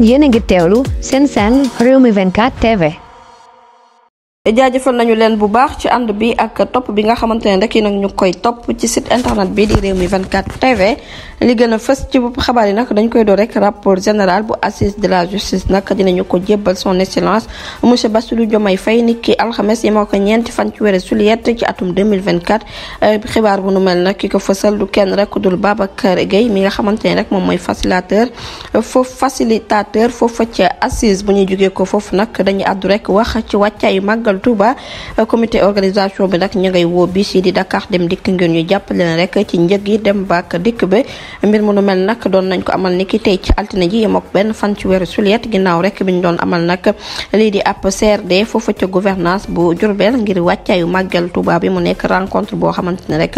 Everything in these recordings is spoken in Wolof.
Jene getelu sen sen Rumi Venkat TV. jaajëfal nañu leen bu baax ci ànd bi ak topp bi nga xamante ne rek yi nag ñu koy topp ci site internet bi di réew mi 24 TV li gën a fës ci bopp yi nag dañ koy door rek rapport général bu assise de la justice nag dinañu ko jébbal son excellence monsieur Bassirou Diomaye Faye nit ki alxames yi moo ko ñeenti fan ci weeru juillet ci atum 2024 euh, xibaar bu nu mel nag ki ko fësal du kenn rek dul Babacar Gueye mi nga xamante ne rek moom mooy facilitateur foofu facilitateur foofa ca assise bu ñuy jógee ko foofu nag dañuy àddu rek wax ci wàccaayu màggal màggal Touba organisation bi nag ñu ngay woo bis yi di Dakar dem dikk ngeen ñu jàppale leen rek ci njëg yi dem baak dikk ba mbir mu nu mel nag doon nañ ko amal ni ki tey ci altine ji yem benn fan ci weeru sulet ginnaaw rek bi doon amal nag lii di ab CRD foofa ca gouvernance bu Diourbel ngir wàccaayu màggal Touba bi mu nekk rencontre boo xamante ne rek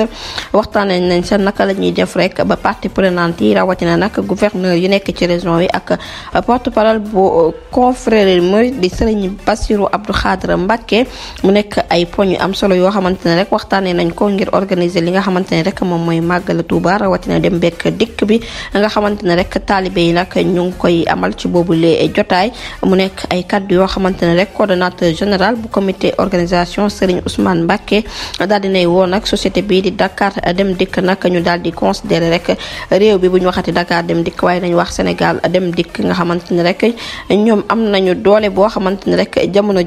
nañ sa naka la ñuy def rek ba partie prenante yi rawatina nag gouverneur yu yi ak porte parole bu confrérie murid di Serigne Bassirou Abdou Khadre Mbacké Mbacké mu nekk ay poñ yu am solo yoo xamante ne rek waxtaanee nañ koo ngir organiser li nga xamante ne rek moom mooy màggal Touba rawatina dem bekk dikk bi nga xamante ne rek taalibe yi nak ñu ngi koy amal ci boobu lee jotaay mu nekk ay kaddu yoo xamante ne rek coordonnateur général bu comité organisation Serigne Ousmane Mbacké daal dinay woo nag société bii di Dakar dem dikk nak ñu daal di considérer rek réew bi bu ñu waxati Dakar dem dikk waaye nañ wax Sénégal dem dikk nga xamante ne rek ñoom am nañu doole boo xamante ne rek jamono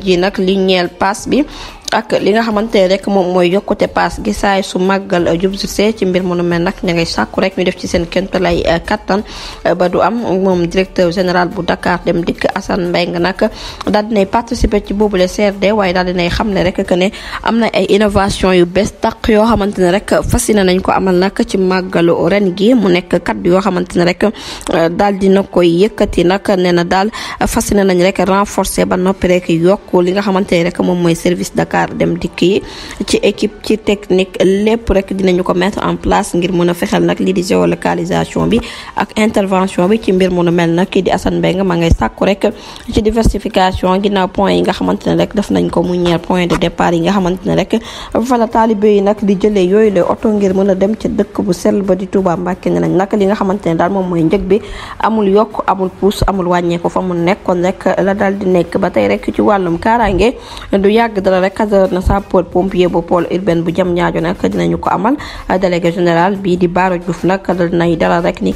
ñeel paas bi ak li nga xamante ne rek moom mooy yokkute paas gi saay su màggal uh, jub see ci mbir mu nu mel nag ña ngay sàkku rek ñu def ci seen kéemtalaay uh, kattan uh, ba du am moom directeur général bu Dakar dem dikk Assane nga nag daal dinay participer ci boobule CRD waaye daal dinay xam ne rek que ne am na ay innovation yu bees tàq yoo xamante ne rek fasina nañ ko amal nag ci màggalu ren gi mu nekk kaddu yoo xamante ne rek daal dina koy yëkkati nag nee na daal fasina nañ rek renforcer ba noppi rek yokk li nga xamante ne rek moom mooy service Dakar Dakar dem dikk yi ci équipe ci technique lépp rek dinañu ko mettre en place ngir mën a fexeel nag lii di géolocalisation bi ak intervention bi ci mbir munu mel nag kii di Assane Mbengue ma ngay sàkku rek ci diversification ginnaaw point yi nga xamante ne rek def nañ ko mu ñeel point de départ yi nga xamante ne rek fala taalibe yi nag di jëlee yooyu la oto ngir mën a dem ca dëkk bu sel ba di Touba Mbacke ne nañ nag li nga xamante ne daal moom mooy njëg bi amul yokk amul puus amul wàññeeku fa mu nekkoon rek la dal di nekk ba tey rek ci wàllum kaaraange 15h na sapeur pompier bu pôle urbain bu jam ñaajo nag dinañu ko amal délégué général bii di Bara Diouf nag dal dinay dalal rek ni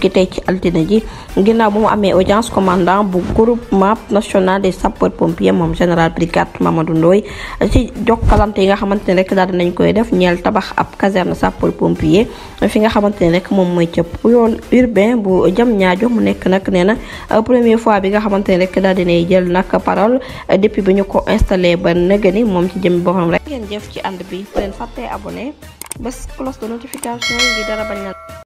ki moom mooy ca pôle urbain bu jam ñaajo mu nekk nag nee na euh, fois bi nga xamante ne rek daal dinay jël nag parole euh, depuis bi ñu ko installé ba nëgëni moom ci jëm boppam rek ngeen jëf ci ànd bi leen fàttee abonné bés cloche de notification dara bañ na